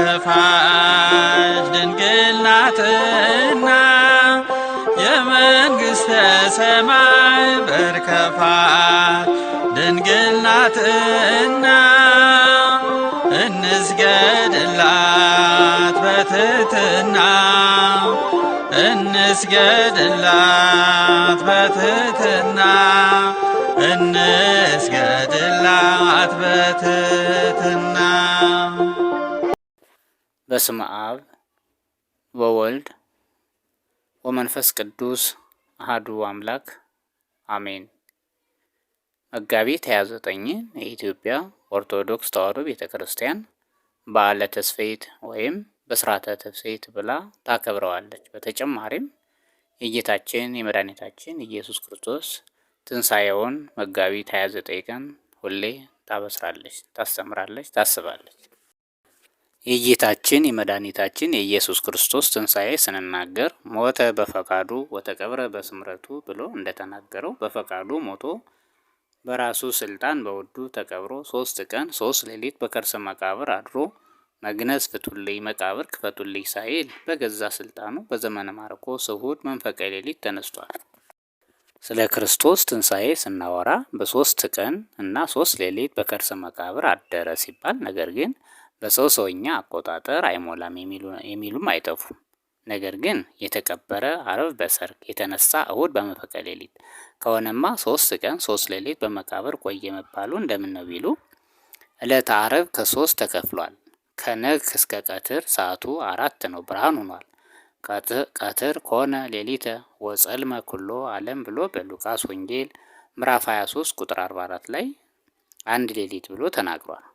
ከፋሽ ድንግል ናትና የመንግሥተ ሰማይ በር ከፋሽ ድንግል ናትና እንስገድላት በትትና እንስገድላት በትትና እንስገድላት በትትና በስመ አብ ወወልድ ወመንፈስ ቅዱስ አህዱ አምላክ አሜን። መጋቢት 29 የኢትዮጵያ ኦርቶዶክስ ተዋሕዶ ቤተ ክርስቲያን በዓለ ተስፌት ወይም በስርዓተ ተስፌት ብላ ታከብረዋለች። በተጨማሪም የጌታችን የመድኃኒታችን ኢየሱስ ክርስቶስ ትንሣኤውን መጋቢት 29 ቀን ሁሌ ታበስራለች፣ ታስተምራለች፣ ታስባለች። የጌታችን የመድኃኒታችን የኢየሱስ ክርስቶስ ትንሣኤ ስንናገር ሞተ በፈቃዱ ወተቀብረ በስምረቱ ብሎ እንደተናገረው በፈቃዱ ሞቶ በራሱ ስልጣን በውዱ ተቀብሮ ሶስት ቀን ሶስት ሌሊት በከርሰ መቃብር አድሮ መግነዝ ፍቱልኝ መቃብር ክፈቱልኝ ሳይል በገዛ ስልጣኑ በዘመነ ማርቆስ እሁድ መንፈቀ ሌሊት ተነስቷል። ስለ ክርስቶስ ትንሣኤ ስናወራ በሶስት ቀን እና ሶስት ሌሊት በከርሰ መቃብር አደረ ሲባል ነገር ግን በሰው ሰውኛ አቆጣጠር አይሞላም የሚሉም አይጠፉም። ነገር ግን የተቀበረ አርብ በሰርክ የተነሳ እሁድ በመፈቀ ሌሊት ከሆነማ ሶስት ቀን ሶስት ሌሊት በመቃብር ቆየ መባሉ እንደምን ነው ቢሉ ዕለተ አርብ ከሶስት ተከፍሏል። ከነግ እስከ ቀትር ሰዓቱ አራት ነው፣ ብርሃን ሆኗል። ቀትር ከሆነ ሌሊተ ወጸልመ ኩሎ ዓለም ብሎ በሉቃስ ወንጌል ምዕራፍ 23 ቁጥር 44 ላይ አንድ ሌሊት ብሎ ተናግሯል።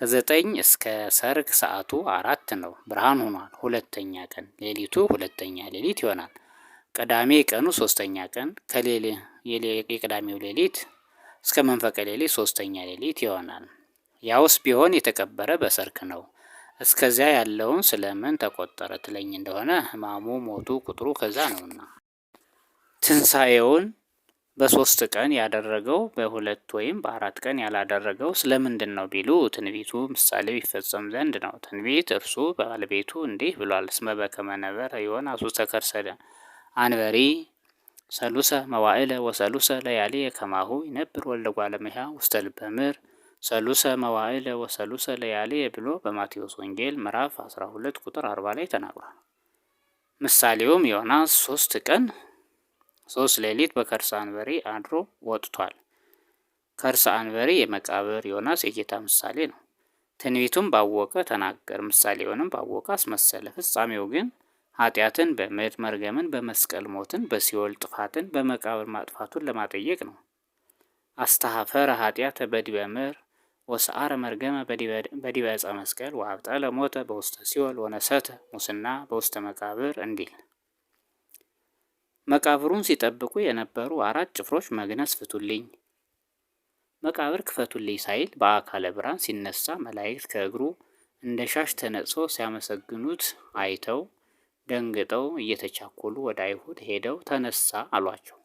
ከዘጠኝ እስከ ሰርግ ሰዓቱ አራት ነው፣ ብርሃን ሆኗል። ሁለተኛ ቀን ሌሊቱ ሁለተኛ ሌሊት ይሆናል። ቅዳሜ ቀኑ ሶስተኛ ቀን የቅዳሜው ሌሊት እስከ መንፈቀ ሌሊት ሶስተኛ ሌሊት ይሆናል። ያውስ ቢሆን የተቀበረ በሰርክ ነው። እስከዚያ ያለውን ስለምን ተቆጠረ ትለኝ እንደሆነ ሕማሙ ሞቱ ቁጥሩ ከዛ ነውና ትንሣኤውን በሶስት ቀን ያደረገው በሁለት ወይም በአራት ቀን ያላደረገው ስለምንድን ነው ቢሉ ትንቢቱ ምሳሌው ይፈጸም ዘንድ ነው። ትንቢት እርሱ በባለቤቱ እንዲህ ብሏል። እስመ በከመ ነበረ ይሆን አሱተ አንበሪ ሰሉሰ መዋዕለ ወሰሉሰ ለያሌየ ከማሁ ይነብር ወልደ እጓለ ውስተል ውስተ ልበ ሰሉሰ መዋዕለ ወሰሉሰ ለያሌየ ብሎ በማቴዎስ ወንጌል ምዕራፍ 12 ቁጥር 40 ላይ ተናግሯል። ምሳሌውም ዮናስ ሶስት ቀን ሶስት ሌሊት በከርሰ አንበሪ አድሮ ወጥቷል። ከርሰ አንበሪ የመቃብር ዮናስ የጌታ ምሳሌ ነው። ትንቢቱም ባወቀ ተናገር፣ ምሳሌውንም ባወቀ አስመሰለ። ፍጻሜው ግን ኃጢአትን በምድር መርገምን፣ በመስቀል ሞትን፣ በሲኦል ጥፋትን፣ በመቃብር ማጥፋቱን ለማጠየቅ ነው። አስተሐፈረ ኃጢአተ በዲበ ምድር ወሰአረ መርገመ በዲበ ዕፀ መስቀል ወአብጠለ ሞተ በውስተ ሲኦል ወነሰተ ሙስና በውስተ መቃብር እንዲል መቃብሩን ሲጠብቁ የነበሩ አራት ጭፍሮች መግነዝ ፍቱልኝ፣ መቃብር ክፈቱልኝ ሳይል በአካለ ብርሃን ሲነሳ መላእክት ከእግሩ እንደ ሻሽ ተነጽፎ ሲያመሰግኑት አይተው ደንግጠው እየተቻኮሉ ወደ አይሁድ ሄደው ተነሳ አሏቸው።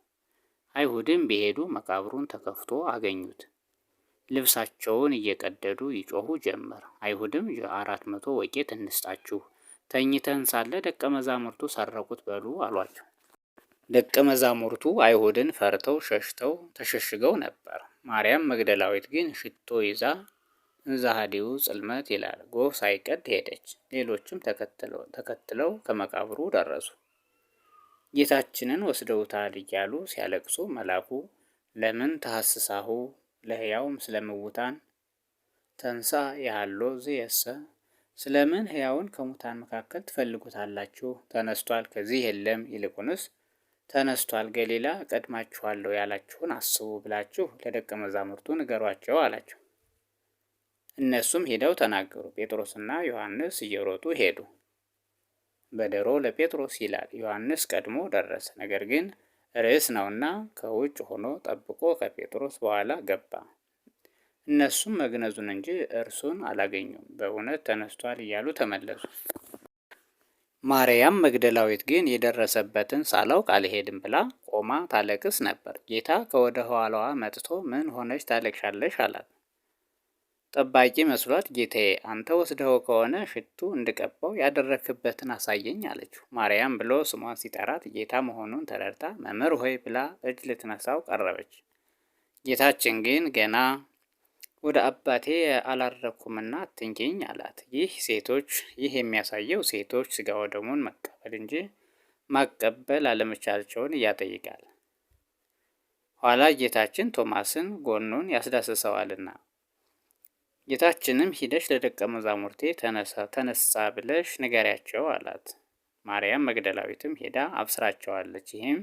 አይሁድም ቢሄዱ መቃብሩን ተከፍቶ አገኙት። ልብሳቸውን እየቀደዱ ይጮኹ ጀመር። አይሁድም አራት መቶ ወቄት እንስጣችሁ፣ ተኝተን ሳለ ደቀ መዛሙርቱ ሰረቁት በሉ አሏቸው። ደቀ መዛሙርቱ አይሁድን ፈርተው ሸሽተው ተሸሽገው ነበር። ማርያም መግደላዊት ግን ሽቶ ይዛ እንዛሃዲው ጽልመት ይላል ጎህ ሳይቀድ ሄደች። ሌሎችም ተከትለው ከመቃብሩ ደረሱ። ጌታችንን ወስደውታል እያሉ ሲያለቅሱ መላኩ ለምን ተሐስሳሁ ለሕያው ምስለ ምውታን ተንሳ ያሃሎ ዘየሰ ስለምን ሕያውን ከሙታን መካከል ትፈልጉታላችሁ? ተነስቷል፣ ከዚህ የለም። ይልቁንስ ተነስቷል ገሊላ እቀድማችኋለሁ ያላችሁን አስቡ ብላችሁ ለደቀ መዛሙርቱ ንገሯቸው አላቸው። እነሱም ሄደው ተናገሩ። ጴጥሮስና ዮሐንስ እየሮጡ ሄዱ። በደሮ ለጴጥሮስ ይላል። ዮሐንስ ቀድሞ ደረሰ። ነገር ግን ርዕስ ነውና ከውጭ ሆኖ ጠብቆ ከጴጥሮስ በኋላ ገባ። እነሱም መግነዙን እንጂ እርሱን አላገኙም። በእውነት ተነስቷል እያሉ ተመለሱ። ማርያም መግደላዊት ግን የደረሰበትን ሳላውቅ አልሄድም ብላ ቆማ ታለቅስ ነበር። ጌታ ከወደ ኋላዋ መጥቶ ምን ሆነች ታለቅሻለሽ አላት። ጠባቂ መስሏት ጌታዬ፣ አንተ ወስደው ከሆነ ሽቱ እንድቀባው ያደረክበትን አሳየኝ አለችው። ማርያም ብሎ ስሟን ሲጠራት ጌታ መሆኑን ተረድታ መምህር ሆይ ብላ እጅ ልትነሳው ቀረበች። ጌታችን ግን ገና ወደ አባቴ አላረኩምና አትንኪኝ አላት። ይህ ሴቶች ይህ የሚያሳየው ሴቶች ስጋ ወደሙን መቀበል እንጂ ማቀበል አለመቻላቸውን ያጠይቃል። ኋላ ጌታችን ቶማስን ጎኑን ያስዳስሰዋልና ጌታችንም ሂደሽ ለደቀ መዛሙርቴ ተነሳ ብለሽ ንገሪያቸው አላት። ማርያም መግደላዊትም ሄዳ አብስራቸዋለች። ይህም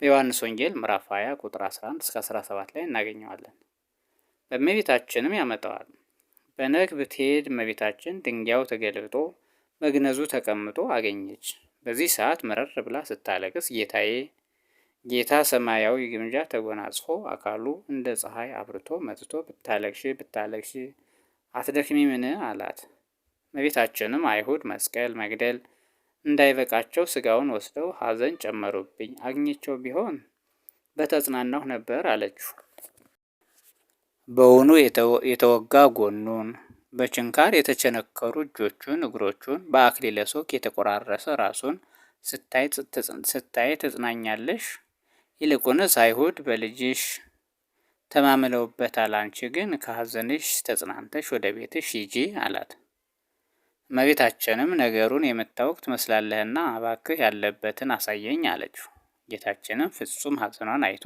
በዮሐንስ ወንጌል ምዕራፍ 20 ቁጥር 11 እስከ 17 ላይ እናገኘዋለን። በእመቤታችንም ያመጣዋል። በነግ ብትሄድ እመቤታችን ድንጋዩ ተገልብጦ መግነዙ ተቀምጦ አገኘች። በዚህ ሰዓት መረር ብላ ስታለቅስ ጌታዬ ጌታ ሰማያዊ ግምጃ ተጎናጽፎ አካሉ እንደ ፀሐይ አብርቶ መጥቶ ብታለቅሽ ብታለቅሽ አትደክሚ ምን አላት። እመቤታችንም አይሁድ መስቀል መግደል እንዳይበቃቸው ስጋውን ወስደው ሐዘን ጨመሩብኝ፣ አግኝቸው ቢሆን በተጽናናሁ ነበር አለችው። በውኑ የተወጋ ጎኑን በችንካር የተቸነከሩ እጆቹን እግሮቹን በአክሊለ ሦክ የተቆራረሰ ራሱን ስታይ ትጽናኛለሽ። ይልቁንስ አይሁድ በልጅሽ ተማምለውበታል፣ አንቺ ግን ከሐዘንሽ ተጽናንተሽ ወደ ቤትሽ ሂጂ አላት። እመቤታችንም ነገሩን የምታውቅ ትመስላለህና እባክህ ያለበትን አሳየኝ አለችው። ጌታችንም ፍጹም ሐዘኗን አይቶ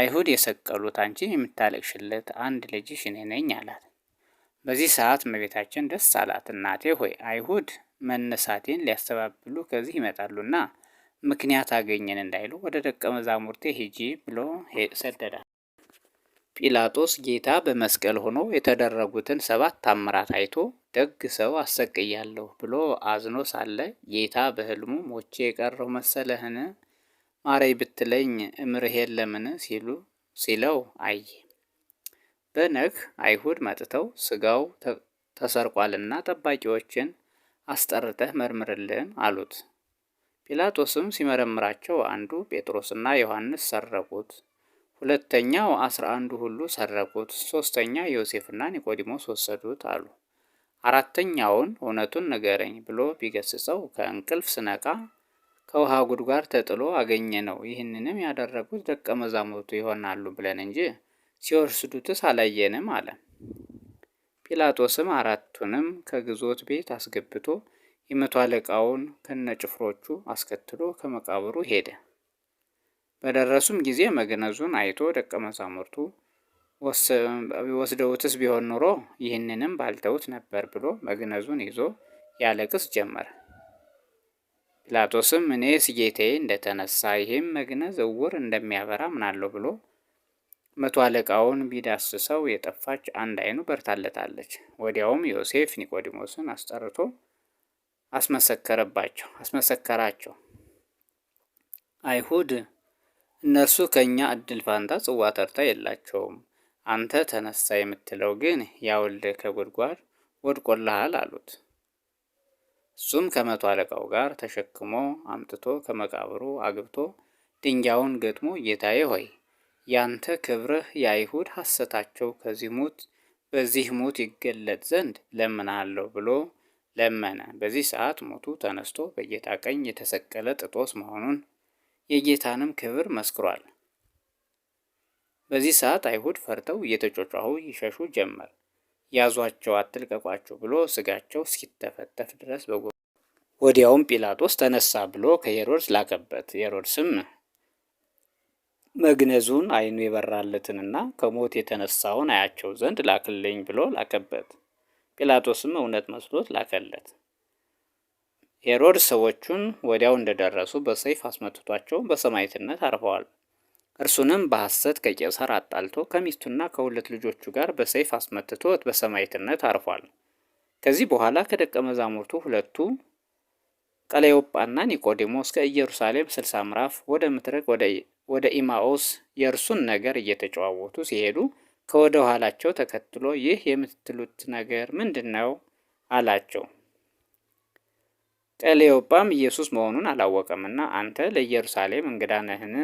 አይሁድ የሰቀሉት አንቺ የምታለቅሽለት አንድ ልጅሽ እኔ ነኝ አላት። በዚህ ሰዓት እመቤታችን ደስ አላት። እናቴ ሆይ አይሁድ መነሳቴን ሊያስተባብሉ ከዚህ ይመጣሉና ምክንያት አገኘን እንዳይሉ ወደ ደቀ መዛሙርቴ ሂጂ ብሎ ሰደዳል። ጲላጦስ ጌታ በመስቀል ሆኖ የተደረጉትን ሰባት ታምራት አይቶ ደግ ሰው አሰቅያለሁ ብሎ አዝኖ ሳለ ጌታ በሕልሙ ሞቼ የቀረው መሰለህን ማረይ ብትለኝ እምርህ የለምን ሲሉ ሲለው አይ በነክ አይሁድ መጥተው ስጋው ተሰርቋልና ጠባቂዎችን አስጠርተህ መርምርልን አሉት። ጲላጦስም ሲመረምራቸው አንዱ ጴጥሮስና ዮሐንስ ሰረቁት፣ ሁለተኛው አስራ አንዱ ሁሉ ሰረቁት፣ ሦስተኛ ዮሴፍና ኒቆዲሞስ ወሰዱት አሉ። አራተኛውን እውነቱን ንገረኝ ብሎ ቢገስጸው ከእንቅልፍ ስነቃ ከውሃ ጉድጓድ ተጥሎ አገኘ ነው። ይህንንም ያደረጉት ደቀ መዛሙርቱ ይሆናሉ ብለን እንጂ ሲወስዱትስ አላየንም አለ። ጲላጦስም አራቱንም ከግዞት ቤት አስገብቶ የመቶ አለቃውን ከነጭፍሮቹ አስከትሎ ከመቃብሩ ሄደ። በደረሱም ጊዜ መግነዙን አይቶ ደቀ መዛሙርቱ ወስደውትስ ቢሆን ኑሮ ይህንንም ባልተውት ነበር ብሎ መግነዙን ይዞ ያለቅስ ጀመረ። ጲላጦስም እኔ ስጌቴ እንደተነሳ ይህም መግነዝ እውር እንደሚያበራ ምናለሁ ብሎ መቶ አለቃውን ቢዳስሰው የጠፋች አንድ አይኑ በርታለታለች። ወዲያውም ዮሴፍ ኒቆዲሞስን አስጠርቶ አስመሰከረባቸው አስመሰከራቸው። አይሁድ እነርሱ ከእኛ እድል ፋንታ ጽዋ ተርታ የላቸውም፣ አንተ ተነሳ የምትለው ግን ያወልደ ከጉድጓድ ወድቆልሃል አሉት። እሱም ከመቶ አለቃው ጋር ተሸክሞ አምጥቶ ከመቃብሩ አግብቶ ድንጋዩን ገጥሞ ጌታዬ ሆይ ያንተ ክብርህ የአይሁድ ሐሰታቸው ከዚህ ሙት በዚህ ሙት ይገለጥ ዘንድ ለምናለሁ ብሎ ለመነ። በዚህ ሰዓት ሞቱ ተነስቶ በጌታ ቀኝ የተሰቀለ ጥጦስ መሆኑን የጌታንም ክብር መስክሯል። በዚህ ሰዓት አይሁድ ፈርተው እየተጮጫሁ ይሸሹ ጀመር። ያዟቸው፣ አትልቀቋቸው ብሎ ስጋቸው እስኪተፈተፍ ድረስ በጎ ወዲያውም ጲላጦስ ተነሳ ብሎ ከሄሮድስ ላከበት። ሄሮድስም መግነዙን አይኑ የበራለትንና ከሞት የተነሳውን አያቸው ዘንድ ላክልኝ ብሎ ላከበት። ጲላጦስም እውነት መስሎት ላከለት። ሄሮድስ ሰዎቹን ወዲያው እንደደረሱ በሰይፍ አስመትቷቸው በሰማዕትነት አርፈዋል። እርሱንም በሐሰት ከቄሳር አጣልቶ ከሚስቱና ከሁለት ልጆቹ ጋር በሰይፍ አስመትቶ በሰማዕትነት አርፏል። ከዚህ በኋላ ከደቀ መዛሙርቱ ሁለቱ ቀለዮጳና ኒቆዲሞስ ከኢየሩሳሌም ስልሳ ምዕራፍ ወደ ምትረቅ ወደ ኢማኦስ የእርሱን ነገር እየተጨዋወቱ ሲሄዱ ከወደ ኋላቸው ተከትሎ ይህ የምትትሉት ነገር ምንድን ነው አላቸው። ቀለዮጳም ኢየሱስ መሆኑን አላወቀምና አንተ ለኢየሩሳሌም እንግዳ ነህን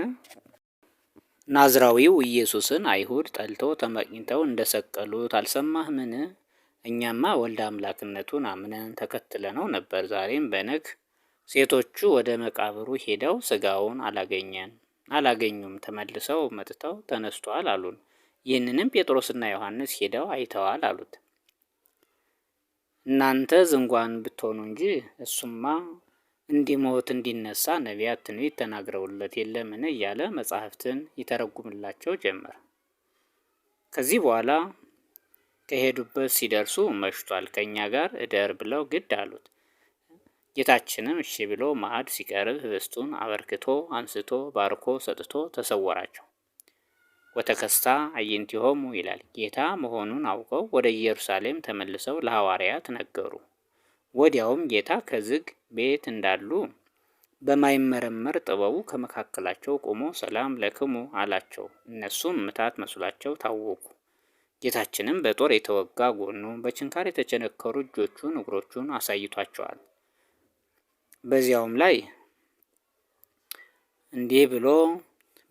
ናዝራዊው ኢየሱስን አይሁድ ጠልቶ ተመቅኝተው እንደሰቀሉት አልሰማህምን? እኛማ ወልደ አምላክነቱን አምነን ተከትለነው ነበር። ዛሬም በነግ ሴቶቹ ወደ መቃብሩ ሄደው ስጋውን አላገኘን አላገኙም፣ ተመልሰው መጥተው ተነስቷል አሉን። ይህንንም ጴጥሮስና ዮሐንስ ሄደው አይተዋል አሉት። እናንተ ዝንጓን ብትሆኑ እንጂ እሱማ እንዲሞት እንዲነሳ ነቢያት ትንቢት ተናግረውለት የለምን እያለ መጽሐፍትን ይተረጉምላቸው ጀመር። ከዚህ በኋላ ከሄዱበት ሲደርሱ መሽቷል፣ ከእኛ ጋር እደር ብለው ግድ አሉት። ጌታችንም እሺ ብሎ ማዕድ ሲቀርብ ህብስቱን አበርክቶ አንስቶ ባርኮ ሰጥቶ ተሰወራቸው። ወተከስታ አይንቲሆሙ ይላል። ጌታ መሆኑን አውቀው ወደ ኢየሩሳሌም ተመልሰው ለሐዋርያት ነገሩ። ወዲያውም ጌታ ከዝግ ቤት እንዳሉ በማይመረመር ጥበቡ ከመካከላቸው ቆሞ ሰላም ለክሙ አላቸው። እነሱም ምታት መስሏቸው ታወቁ ጌታችንም በጦር የተወጋ ጎኑ፣ በችንካር የተቸነከሩ እጆቹን እግሮቹን አሳይቷቸዋል። በዚያውም ላይ እንዲህ ብሎ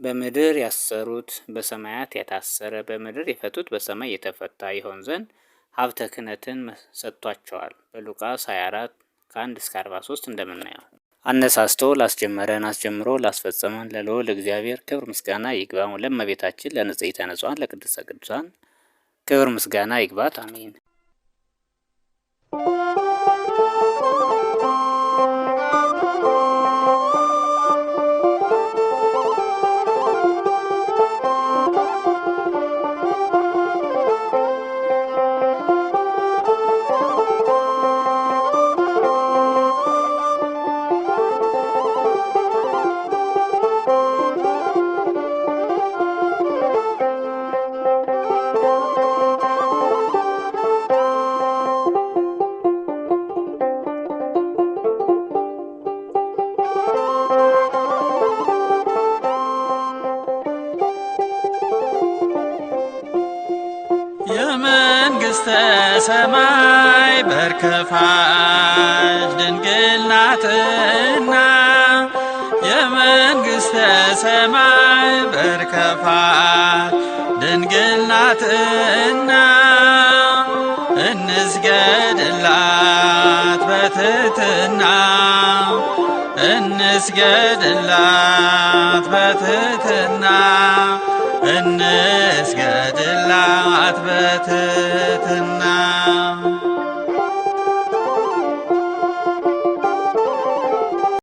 በምድር ያሰሩት በሰማያት የታሰረ በምድር የፈቱት በሰማይ የተፈታ ይሆን ዘንድ ሀብተ ክህነትን ሰጥቷቸዋል። በሉቃስ 24 ከ1 እስከ 43 እንደምናየው አነሳስቶ ላስጀመረን አስጀምሮ ላስፈጸመን ለልዑል እግዚአብሔር ክብር ምስጋና ይግባው። ለእመቤታችን ለንጽሕተ ንጹሐን ለቅድስተ ቅዱሳን ክብር ምስጋና ይግባት። አሜን። ሰማይ በርከፋሽ ድንግልናትና የመንግሥተ ሰማይ በርከፋሽ ድንግልናትና እንስገድላት በትትና እንስገድላት በትትና እንስገድላት በትትና